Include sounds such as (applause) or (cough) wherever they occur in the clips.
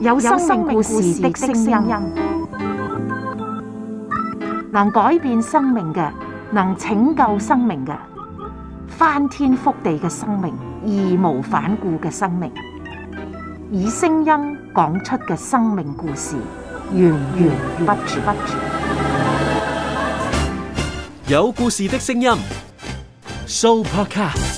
有生命故事的聲音，能改變生命嘅，能拯救生命嘅，翻天覆地嘅生命，義無反顧嘅生命，以聲音講出嘅生命故事，源源不絕。有故事的聲音，Soupercast。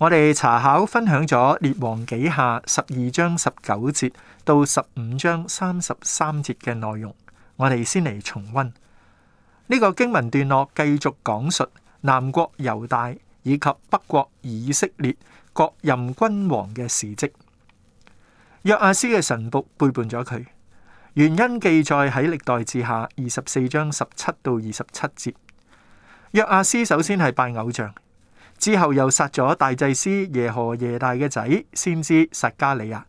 我哋查考分享咗列王紀下十二章十九節到十五章三十三節嘅內容，我哋先嚟重温呢、這個經文段落，繼續講述南國猶大以及北國以色列各任君王嘅事蹟。約阿斯嘅臣僕背叛咗佢，原因記載喺歷代志下二十四章十七到二十七節。約阿斯首先係拜偶像。之後又殺咗大祭司耶何耶大嘅仔，先知撒迦利亞，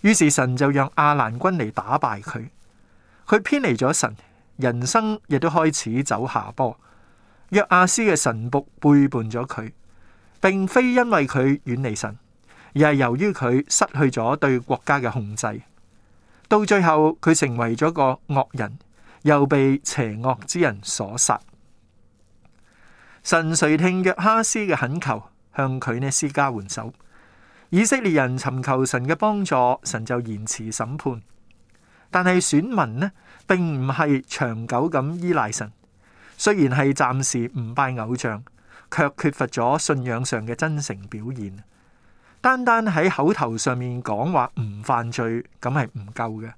於是神就讓亞蘭軍嚟打敗佢。佢偏離咗神，人生亦都開始走下坡。約阿斯嘅神僕背叛咗佢，並非因為佢遠離神，而係由於佢失去咗對國家嘅控制。到最後，佢成為咗個惡人，又被邪惡之人所殺。神垂聽約哈斯嘅懇求，向佢呢施加援手。以色列人尋求神嘅幫助，神就延遲審判。但係選民呢，並唔係長久咁依賴神，雖然係暫時唔拜偶像，卻缺乏咗信仰上嘅真誠表現。單單喺口頭上面講話唔犯罪，咁係唔夠嘅，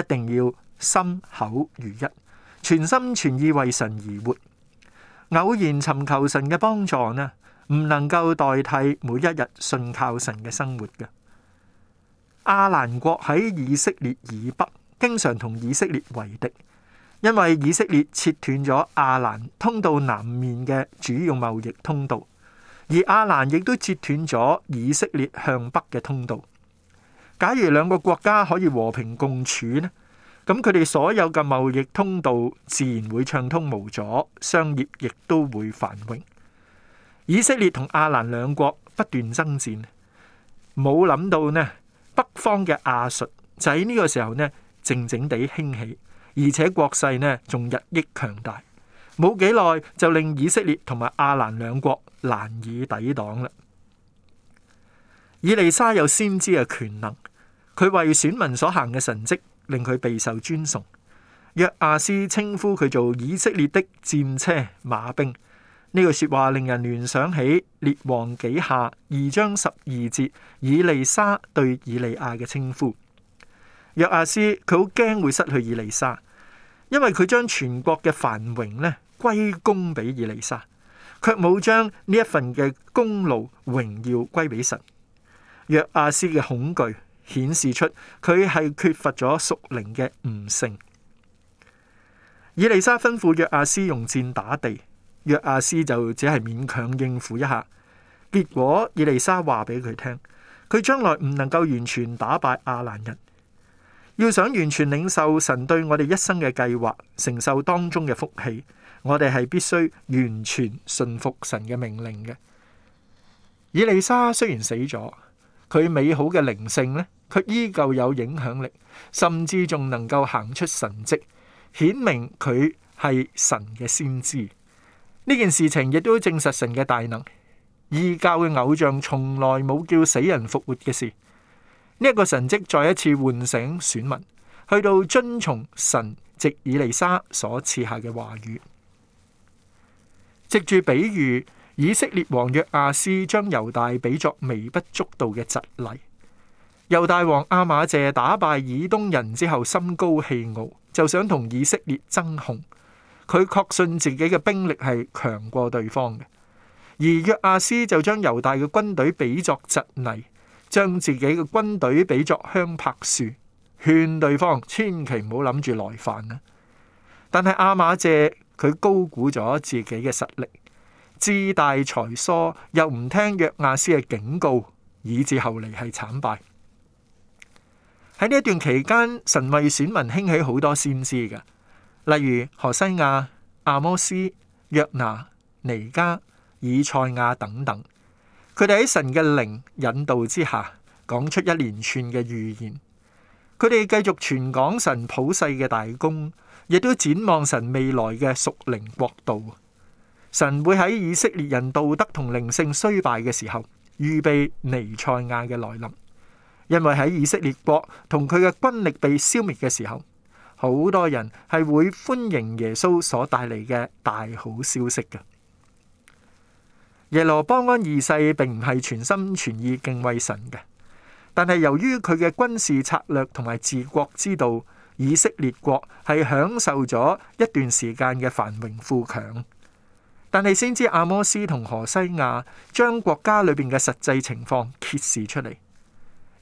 一定要心口如一，全心全意為神而活。偶然尋求神嘅幫助呢，唔能夠代替每一日信靠神嘅生活嘅。亞蘭國喺以色列以北，經常同以色列為敵，因為以色列切斷咗亞蘭通道南面嘅主要貿易通道，而亞蘭亦都切斷咗以色列向北嘅通道。假如兩個國家可以和平共處呢，咁佢哋所有嘅貿易通道自然會暢通無阻，商業亦都會繁榮。以色列同亞蘭兩國不斷爭戰，冇諗到呢北方嘅亞述就喺呢個時候呢靜靜地興起，而且國勢呢仲日益強大。冇幾耐就令以色列同埋亞蘭兩國難以抵擋啦。以利沙有先知嘅權能，佢為選民所行嘅神蹟，令佢備受尊崇，約阿斯稱呼佢做以色列的戰車馬兵。呢句說話令人聯想起列王紀下二章十二節以利沙對以利亞嘅稱呼。約阿斯佢好驚會失去以利沙，因為佢將全國嘅繁榮呢歸功俾以利沙，卻冇將呢一份嘅功勞榮耀歸俾神。約阿斯嘅恐懼。顯示出佢係缺乏咗屬靈嘅悟性。以利沙吩咐約亞斯用箭打地，約亞斯就只係勉強應付一下。結果以利沙話俾佢聽，佢將來唔能夠完全打敗亞蘭人。要想完全領受神對我哋一生嘅計劃，承受當中嘅福氣，我哋係必須完全信服神嘅命令嘅。以利沙雖然死咗，佢美好嘅靈性呢。佢依舊有影響力，甚至仲能夠行出神蹟，顯明佢係神嘅先知。呢件事情亦都證實神嘅大能。異教嘅偶像從來冇叫死人復活嘅事，呢、這、一個神蹟再一次喚醒選民，去到遵從神。藉以利沙所賜下嘅話語，藉住比喻，以色列王約亞斯將猶大比作微不足道嘅蒺藜。猶大王阿馬謝打敗以東人之後，心高氣傲，就想同以色列爭雄。佢確信自己嘅兵力係強過對方嘅，而約亞斯就將猶大嘅軍隊比作蒺藜，將自己嘅軍隊比作香柏樹，勸對方千祈唔好諗住來犯啊。但係阿馬謝佢高估咗自己嘅實力，志大才疏，又唔聽約亞斯嘅警告，以至後嚟係慘敗。喺呢一段期間，神為選民興起好多先知嘅，例如何西阿、阿摩司、約拿、彌迦、以賽亞等等。佢哋喺神嘅靈引導之下，講出一連串嘅預言。佢哋繼續傳講神普世嘅大功，亦都展望神未來嘅屬靈國度。神會喺以色列人道德同靈性衰敗嘅時候，預備彌賽亞嘅來臨。因為喺以色列國同佢嘅軍力被消滅嘅時候，好多人係會歡迎耶穌所帶嚟嘅大好消息嘅。耶羅波安二世並唔係全心全意敬畏神嘅，但係由於佢嘅軍事策略同埋治國之道，以色列國係享受咗一段時間嘅繁榮富強。但係先知阿摩斯同何西亞將國家裏邊嘅實際情況揭示出嚟。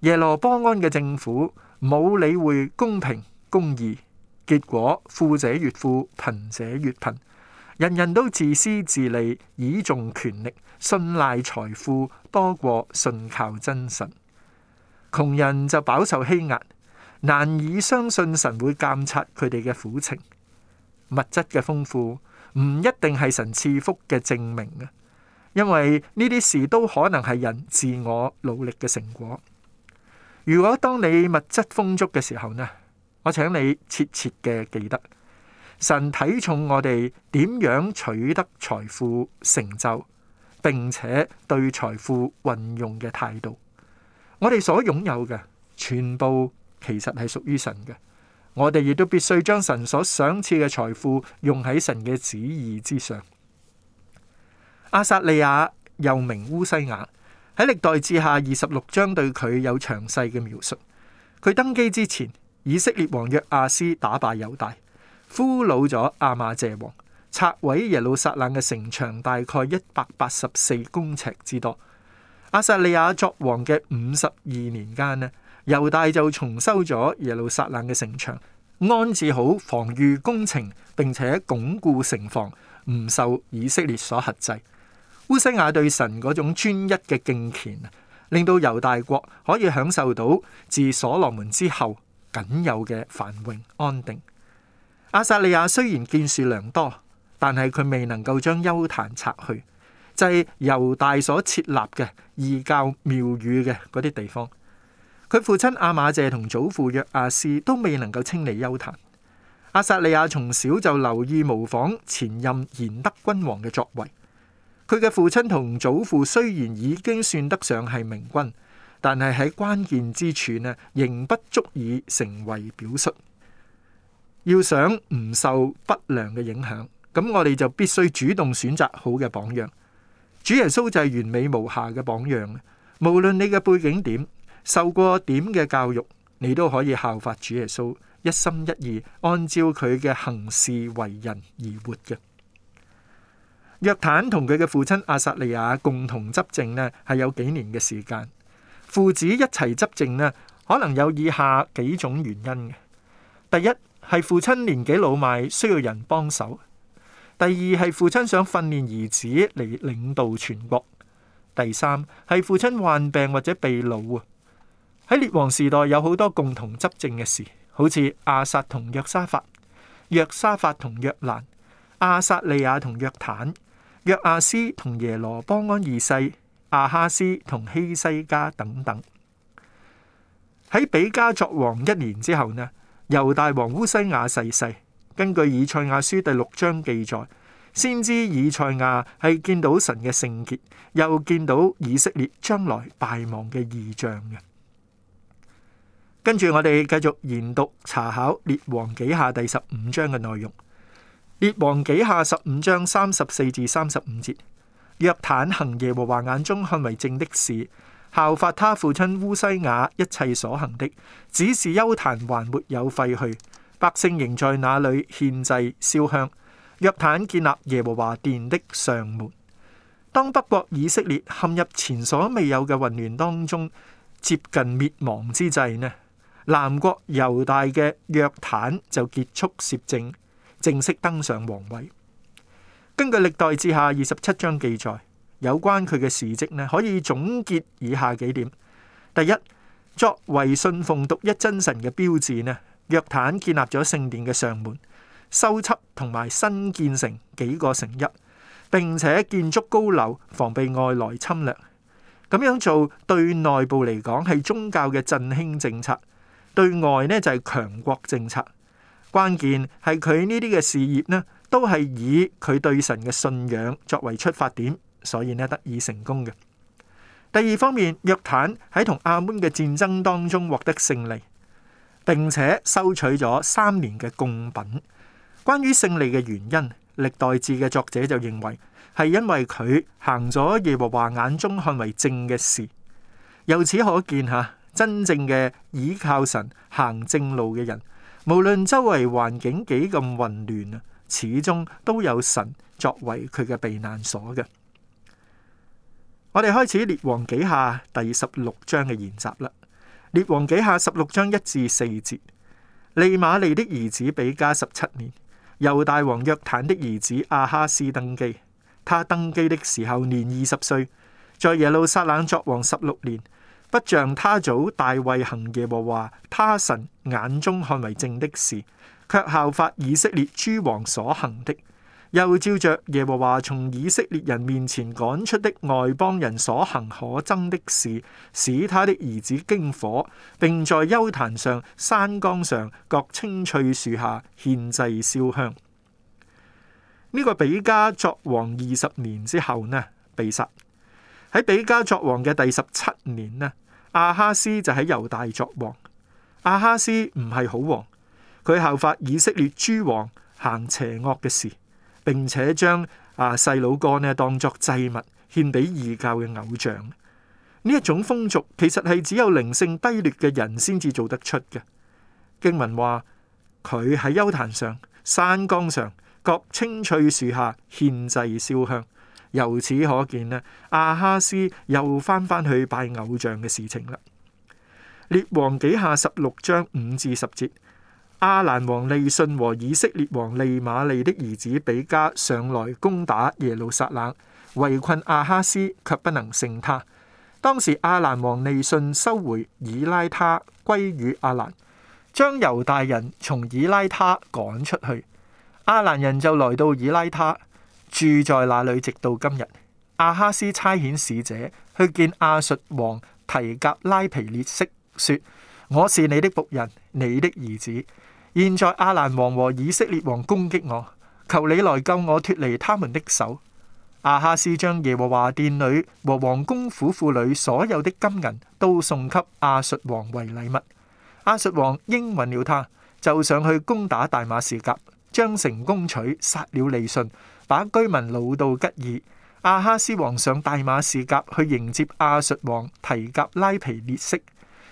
耶羅波安嘅政府冇理會公平公義，結果富者越富，貧者越貧。人人都自私自利，倚重權力，信賴財富多過信靠真神。窮人就飽受欺壓，難以相信神會監察佢哋嘅苦情。物質嘅豐富唔一定係神賜福嘅證明啊，因為呢啲事都可能係人自我努力嘅成果。如果當你物質豐足嘅時候呢，我請你切切嘅記得，神睇重我哋點樣取得財富成就，並且對財富運用嘅態度。我哋所擁有嘅全部其實係屬於神嘅，我哋亦都必須將神所賞賜嘅財富用喺神嘅旨意之上。阿薩利亞又名烏西雅。喺歷代志下二十六章對佢有詳細嘅描述。佢登基之前，以色列王約阿斯打敗猶大，俘虜咗亞瑪謝王，拆毀耶路撒冷嘅城牆，大概一百八十四公尺之多。亞撒利雅作王嘅五十二年間呢，猶大就重修咗耶路撒冷嘅城牆，安置好防禦工程，並且鞏固城防，唔受以色列所限制。烏西雅對神嗰種專一嘅敬虔，令到猶大國可以享受到自所羅門之後僅有嘅繁榮安定。亞撒利亞雖然建樹良多，但係佢未能夠將丘壇拆去，就係、是、猶大所設立嘅異教廟宇嘅嗰啲地方。佢父親阿馬謝同祖父約阿施都未能夠清理丘壇。亞撒利亞從小就留意模仿前任賢德君王嘅作為。佢嘅父親同祖父雖然已經算得上係明君，但係喺關鍵之處呢，仍不足以成為表率。要想唔受不良嘅影響，咁我哋就必須主動選擇好嘅榜樣。主耶穌就係完美無瑕嘅榜樣。無論你嘅背景點，受過點嘅教育，你都可以效法主耶穌，一心一意按照佢嘅行事為人而活嘅。約坦同佢嘅父親阿薩利亞共同執政咧，係有幾年嘅時間。父子一齊執政咧，可能有以下幾種原因嘅：第一，係父親年紀老邁，需要人幫手；第二，係父親想訓練兒子嚟領導全國；第三，係父親患病或者被老啊。喺列王時代有好多共同執政嘅事，好似阿薩同約沙法、約沙法同約蘭、阿薩利亞同約坦。約亞斯同耶羅邦安二世、亞哈斯同希西家等等，喺比加作王一年之後呢，猶大王烏西亞逝世，世。根據以賽亞書第六章記載，先知以賽亞係見到神嘅聖潔，又見到以色列將來敗亡嘅異象嘅。跟住我哋繼續研讀查考列王紀下第十五章嘅內容。列王紀下十五章三十四至三十五節，約坦行耶和華眼中看為正的事，效法他父親烏西雅一切所行的，只是邱壇還沒有廢去，百姓仍在那裏獻祭燒香。約坦建立耶和華殿的上門。當北國以色列陷入前所未有嘅混亂當中，接近滅亡之際呢，南國猶大嘅約坦就結束攝政。正式登上皇位。根據歷代志下二十七章記載，有關佢嘅事蹟呢，可以總結以下幾點：第一，作為信奉獨一真神嘅標誌呢，約坦建立咗聖殿嘅上門，修葺同埋新建成幾個城邑，並且建築高樓，防備外來侵略。咁樣做對內部嚟講係宗教嘅振興政策，對外呢就係強國政策。關鍵係佢呢啲嘅事業呢，都係以佢對神嘅信仰作為出發點，所以呢得以成功嘅。第二方面，約坦喺同亞捫嘅戰爭當中獲得勝利，並且收取咗三年嘅貢品。關於勝利嘅原因，歷代志嘅作者就認為係因為佢行咗耶和華眼中看為正嘅事。由此可見吓，真正嘅倚靠神行正路嘅人，無論周圍環境幾咁混亂啊，始終都有神作為佢嘅避難所嘅。我哋開始《列王紀下》第十六章嘅研習啦，《列王紀下》十六章一至四節：利瑪利的兒子比加十七年，猶大王約坦的兒子亞哈斯登基，他登基的時候年二十歲，在耶路撒冷作王十六年。不像他祖大衛行耶和華他神眼中看為正的事，卻效法以色列諸王所行的，又照着耶和華從以色列人面前趕出的外邦人所行可憎的事，使他的兒子經火，並在丘壇上、山崗上、各青翠樹下獻祭燒香。呢、這個比加作王二十年之後呢，被殺喺比加作王嘅第十七年呢。阿哈斯就喺猶大作王。阿哈斯唔係好王，佢效法以色列諸王行邪惡嘅事，並且將啊細佬哥呢當作祭物獻俾異教嘅偶像。呢一種風俗其實係只有靈性低劣嘅人先至做得出嘅。經文話佢喺丘壇上、山崗上、各青翠樹下獻祭燒香。由此可見咧，亞哈斯又返返去拜偶像嘅事情啦。列王紀下十六章五至十節，亞蘭王利信和以色列王利瑪利的兒子比加上來攻打耶路撒冷，圍困亞哈斯，卻不能勝他。當時亞蘭王利信收回以拉他歸於亞蘭，將猶大人從以拉他趕出去。亞蘭人就來到以拉他。住在那裏直到今日。亞哈斯差遣使者去見亞述王提格拉皮列色，說：我是你的僕人，你的兒子。現在亞蘭王和以色列王攻擊我，求你來救我脫離他們的手。亞哈斯將耶和華殿裏和王宮府庫裏所有的金銀都送給亞述王為禮物。亞述王應允了他，就上去攻打大馬士革，將城攻取，殺了利順。把居民擄到吉珥。亞哈斯王上大馬士革去迎接亞述王提甲拉皮列色，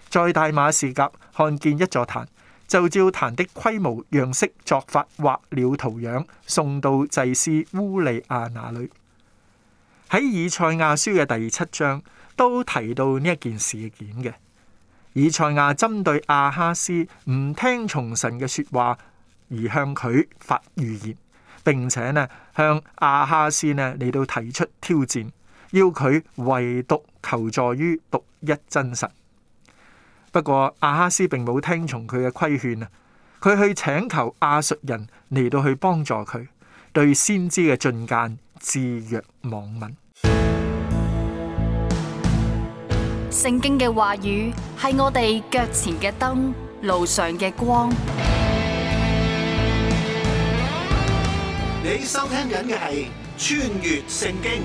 在大馬士革看見一座壇，就照壇的規模樣式作法畫了圖樣，送到祭司烏利亞那裏。喺以賽亞書嘅第七章都提到呢一件事件嘅。以賽亞針對亞哈斯唔聽從神嘅說話而向佢發預言。並且呢，向亞哈斯呢嚟到提出挑戰，要佢唯獨求助於獨一真神。不過亞哈斯並冇聽從佢嘅規勸啊，佢去請求亞述人嚟到去幫助佢，對先知嘅進諫置若罔聞。聖經嘅話語係我哋腳前嘅燈，路上嘅光。你收聽緊嘅係《穿越聖經》，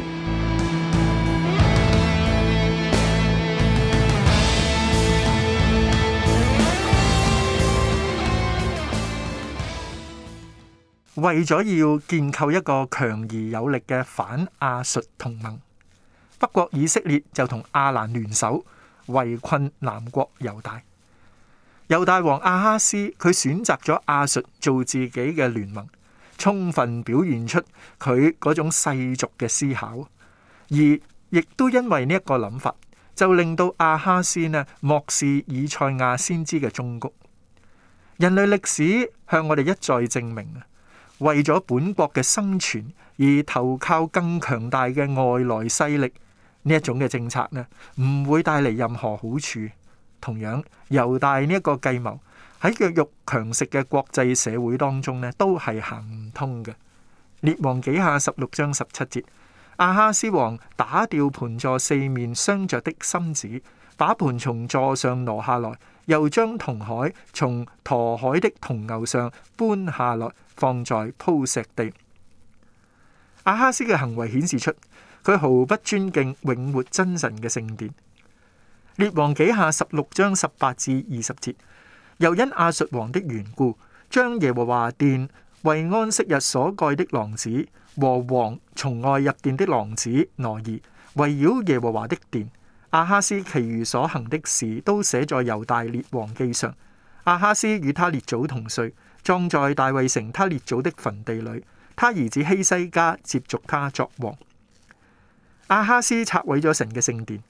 為咗要建構一個強而有力嘅反亞述同盟，北國以色列就同亞蘭聯手，圍困南國猶大。猶大王亞哈斯，佢選擇咗亞述做自己嘅聯盟。充分表現出佢嗰種世俗嘅思考，而亦都因為呢一個諗法，就令到阿哈斯呢，漠視以賽亞先知嘅忠告。人類歷史向我哋一再證明啊，為咗本國嘅生存而投靠更強大嘅外來勢力呢一種嘅政策呢，唔會帶嚟任何好處。同樣，猶大呢一個計謀，喺弱肉強食嘅國際社會當中咧，都係行唔通嘅。列王紀下十六章十七節，阿哈斯王打掉盆座四面鑲着的心子，把盆從座上挪下來，又將銅海從馱海的銅牛上搬下來，放在鋪石地。阿哈斯嘅行為顯示出佢毫不尊敬永活真神嘅聖殿。列王紀下十六章十八至二十節。又因亞述王的緣故，將耶和華殿為安息日所蓋的廊子和王從外入殿的廊子挪移，圍繞耶和華的殿。亞哈斯其餘所行的事都寫在猶大列王記上。亞哈斯與他列祖同睡，葬在大衛城他列祖的墳地裏。他兒子希西家接續他作王。亞哈斯拆毀咗神嘅聖殿，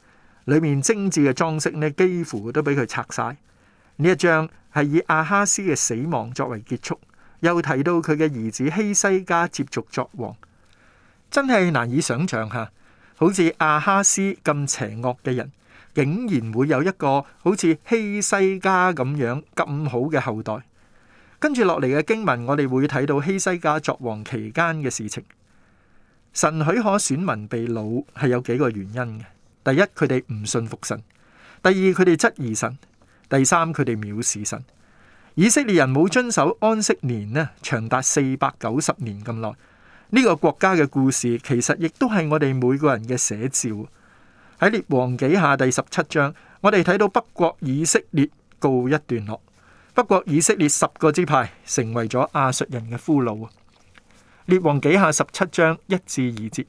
裏面精緻嘅裝飾咧，幾乎都俾佢拆晒。呢一章係以亞哈斯嘅死亡作為結束，又提到佢嘅兒子希西家接續作王，真係難以想象吓。好似亞哈斯咁邪惡嘅人，竟然會有一個好似希西家咁樣咁好嘅後代。跟住落嚟嘅經文，我哋會睇到希西家作王期間嘅事情。神許可選民被擄，係有幾個原因嘅：第一，佢哋唔信服神；第二，佢哋質疑神。第三，佢哋藐視神。以色列人冇遵守安息年咧，長達四百九十年咁耐。呢個國家嘅故事，其實亦都係我哋每個人嘅寫照。喺列王紀下第十七章，我哋睇到北國以色列告一段落。北國以色列十個支派成為咗亞述人嘅俘虜。列王紀下十七章一至二節，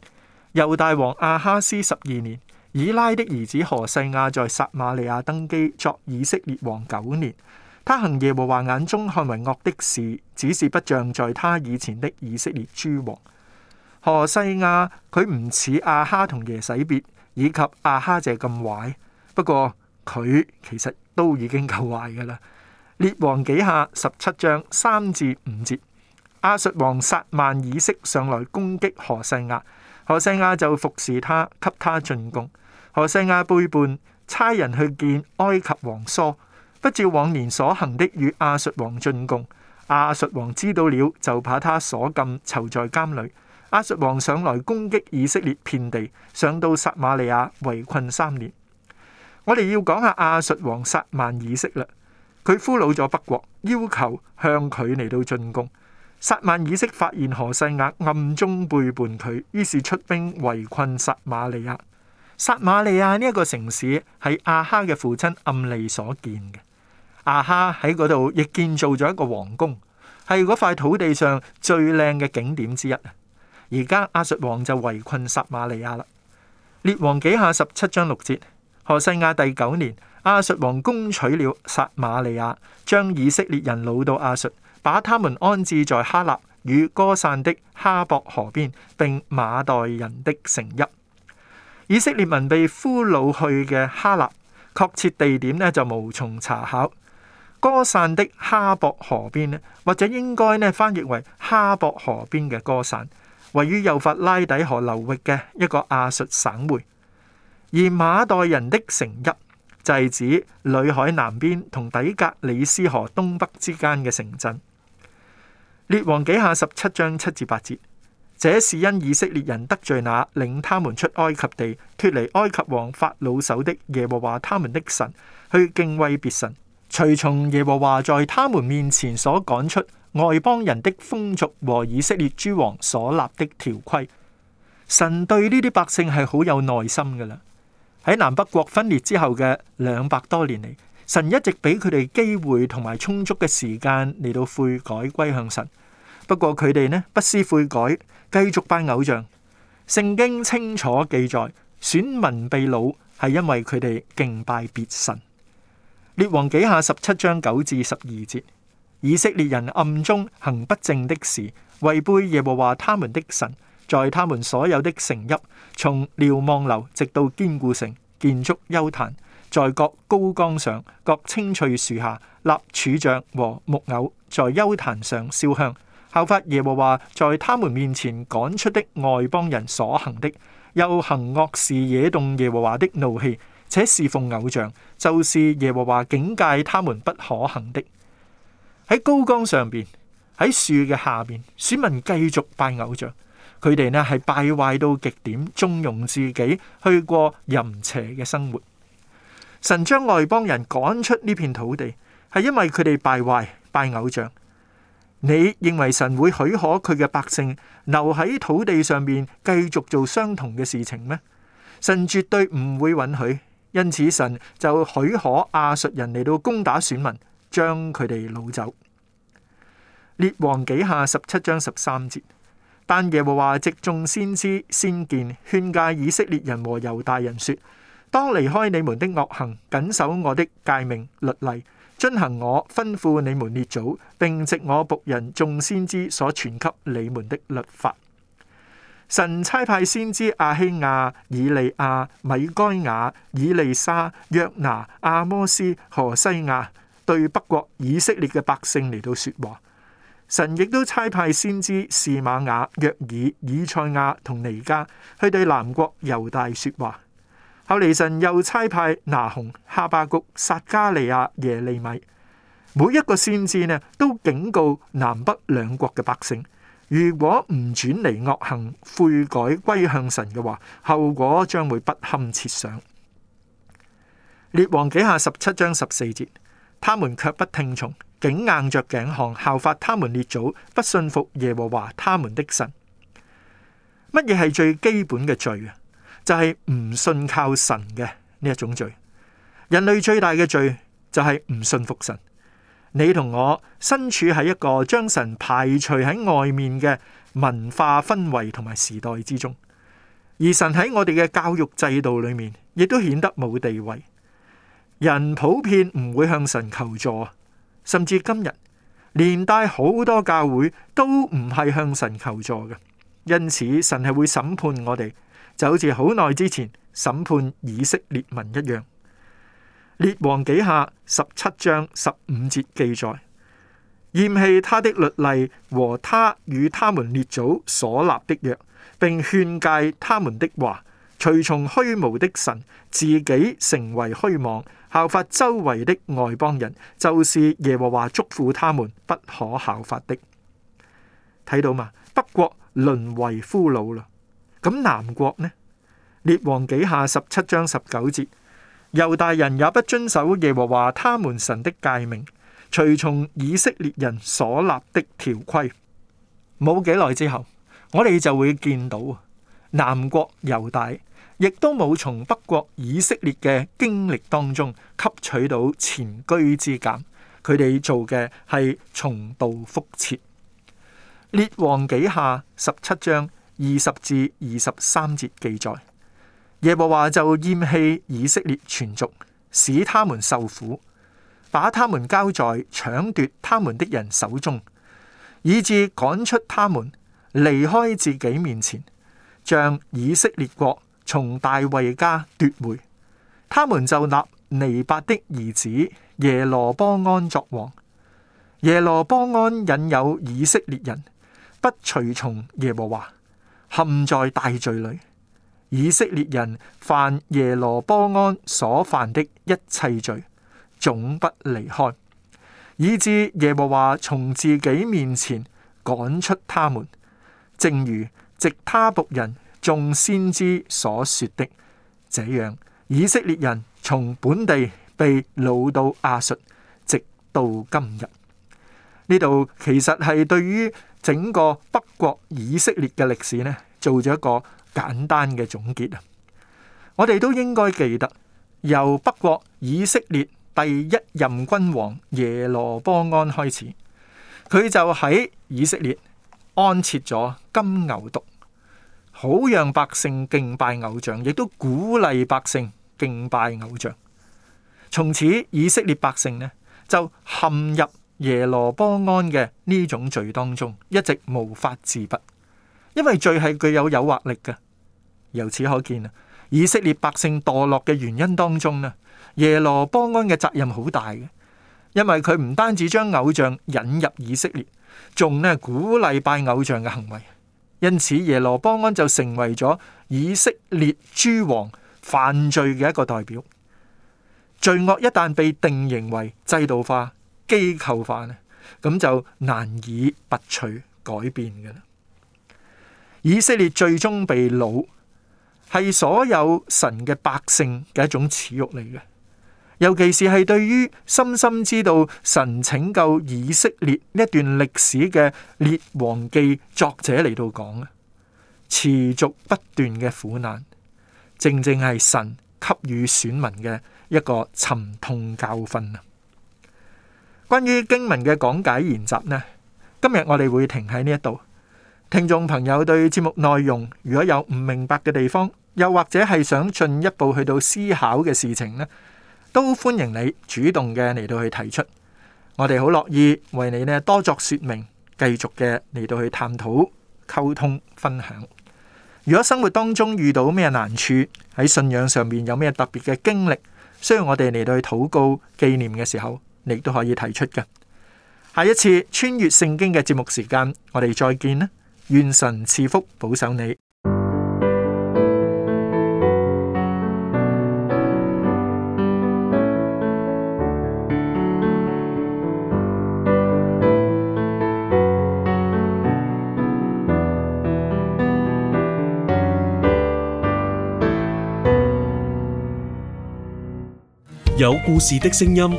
猶大王阿哈斯十二年。以拉的兒子何細亞在撒瑪利亞登基作以色列王九年，他行耶和華眼中看為惡的事，只是不像在他以前的以色列諸王。何細亞佢唔似亞哈同耶洗別以及亞哈謝咁壞，不過佢其實都已經夠壞㗎喇。列王紀下十七章三至五節，亞述王撒縵以色上來攻擊何細亞。何西阿就服侍他，給他進貢。何西阿背叛，差人去見埃及王蘇，不照往年所行的與亞述王進貢。亞述王知道了，就把他鎖禁囚在監裏。亞述王上來攻擊以色列遍地，上到撒瑪利亞圍困三年。我哋要講下亞述王撒縵以色嘞。佢俘虜咗北國，要求向佢嚟到進貢。撒曼以色列發現何世雅暗中背叛佢，於是出兵圍困撒馬利亞。撒馬利亞呢一個城市係亞哈嘅父親暗利所建嘅，亞哈喺嗰度亦建造咗一個皇宮，係嗰塊土地上最靚嘅景點之一。而家亞述王就圍困撒馬利亞啦。列王紀下十七章六節，何世雅第九年，亞述王攻取了撒馬利亞，將以色列人擄到亞述。把他們安置在哈勒與歌散的哈博河邊，並馬代人的城邑。以色列民被俘擄去嘅哈勒，確切地點呢就無從查考。歌散的哈博河邊呢，或者應該呢翻譯為哈博河邊嘅歌散，位於幼發拉底河流域嘅一個亞述省會。而馬代人的城邑就係指裏海南邊同底格里斯河東北之間嘅城鎮。列王紀下十七章七至八節，這是因以色列人得罪那領他們出埃及地、脫離埃及王法老手的耶和華他們的神，去敬畏別神，隨從耶和華在他們面前所趕出外邦人的風俗和以色列諸王所立的條規。神對呢啲百姓係好有耐心噶啦。喺南北國分裂之後嘅兩百多年嚟，神一直俾佢哋機會同埋充足嘅時間嚟到悔改歸向神。不過佢哋呢不思悔改，繼續拜偶像。聖經清楚記載，選民被擄係因為佢哋敬拜別神。列王紀下十七章九至十二節，以色列人暗中行不正的事，違背耶和華他們的神，在他們所有的城邑，從瞭望樓直到堅固城，建築邱壇，在各高崗上，各青翠樹下立柱像和木偶，在邱壇上燒香。效法耶和華在他們面前趕出的外邦人所行的，又行惡事，惹動耶和華的怒氣，且侍奉偶像，就是耶和華警戒他們不可行的。喺高崗上邊，喺樹嘅下邊，選民繼續拜偶像，佢哋呢係敗壞到極點，縱容自己去過淫邪嘅生活。神將外邦人趕出呢片土地，係因為佢哋敗壞、拜偶像。你認為神會許可佢嘅百姓留喺土地上面繼續做相同嘅事情咩？神絕對唔會允許，因此神就許可亞述人嚟到攻打選民，將佢哋擄走。列王紀下十七章十三節，但耶和華藉眾先知先見勸誡以色列人和猶大人說：當離開你們的惡行，謹守我的誡命律例。遵行我吩咐你們列祖，並藉我僕人眾先知所傳給你們的律法。神差派先知阿希亞、以利亞、米該亞、以利沙、約拿、阿摩斯、何西亞，對北國以色列嘅百姓嚟到說話。神亦都差派先知示瑪雅、約爾、以賽亞同尼加，去對南國猶大說話。後嚟神又差派拿鴻、哈巴谷、撒加利亞、耶利米，每一個先知呢，都警告南北兩國嘅百姓：如果唔轉離惡行、悔改歸向神嘅話，後果將會不堪設想。列王紀下十七章十四節，他們卻不聽從，竟硬着頸項，效法他們列祖，不信服耶和華他們的神。乜嘢係最基本嘅罪啊？就係唔信靠神嘅呢一種罪，人類最大嘅罪就係唔信服神。你同我身處喺一個將神排除喺外面嘅文化氛圍同埋時代之中，而神喺我哋嘅教育制度裏面，亦都顯得冇地位。人普遍唔會向神求助，甚至今日連帶好多教會都唔係向神求助嘅，因此神係會審判我哋。就好似好耐之前審判以色列民一樣，列王紀下十七章十五節記載：厭 (noise) 棄他的律例和他與他們列祖所立的約，並勸戒他們的話，隨從虛無的神，自己成為虛妄，效法周圍的外邦人，就是耶和華祝福他們不可效法的。睇到嘛？北國淪為俘虜啦。咁南國呢？列王紀下十七章十九節，猶大人也不遵守耶和華他們神的誡命，隨從以色列人所立的條規。冇幾耐之後，我哋就會見到南國猶大，亦都冇從北國以色列嘅經歷當中吸取到前車之鑒，佢哋做嘅係重蹈覆轍。列王紀下十七章。二十至二十三節記載，耶和華就厭棄以色列全族，使他們受苦，把他們交在搶奪他們的人手中，以致趕出他們離開自己面前，將以色列國從大衛家奪回。他們就立尼拔的兒子耶羅波安作王。耶羅波安引誘以色列人不隨從耶和華。陷在大罪裏，以色列人犯耶羅波安所犯的一切罪，總不離開，以至耶和華從自己面前趕出他們，正如藉他僕人眾先知所說的這樣。以色列人從本地被擄到亞述，直到今日。呢度其實係對於。整個北國以色列嘅歷史呢，做咗一個簡單嘅總結啊！我哋都應該記得，由北國以色列第一任君王耶羅波安開始，佢就喺以色列安設咗金牛犢，好讓百姓敬拜偶像，亦都鼓勵百姓敬拜偶像。從此以色列百姓呢，就陷入。耶羅波安嘅呢種罪當中，一直無法自拔，因為罪係具有誘惑力嘅。由此可見啊，以色列百姓墮落嘅原因當中呢，耶羅波安嘅責任好大嘅，因為佢唔單止將偶像引入以色列，仲呢鼓勵拜偶像嘅行為。因此，耶羅波安就成為咗以色列諸王犯罪嘅一個代表。罪惡一旦被定型為制度化。機構化呢，咁就難以拔除改變嘅啦。以色列最終被擄，係所有神嘅百姓嘅一種恥辱嚟嘅，尤其是係對於深深知道神拯救以色列呢一段歷史嘅列王記作者嚟到講，持續不斷嘅苦難，正正係神給予選民嘅一個沉痛教訓啊！關於經文嘅講解研習呢，今日我哋會停喺呢一度。聽眾朋友對節目內容如果有唔明白嘅地方，又或者係想進一步去到思考嘅事情呢，都歡迎你主動嘅嚟到去提出。我哋好樂意為你呢多作說明，繼續嘅嚟到去探討、溝通、分享。如果生活當中遇到咩難處，喺信仰上面有咩特別嘅經歷，需要我哋嚟到去禱告、紀念嘅時候，你都可以提出嘅。下一次穿越聖經嘅節目時間，我哋再見啦！願神賜福保守你。有故事的聲音。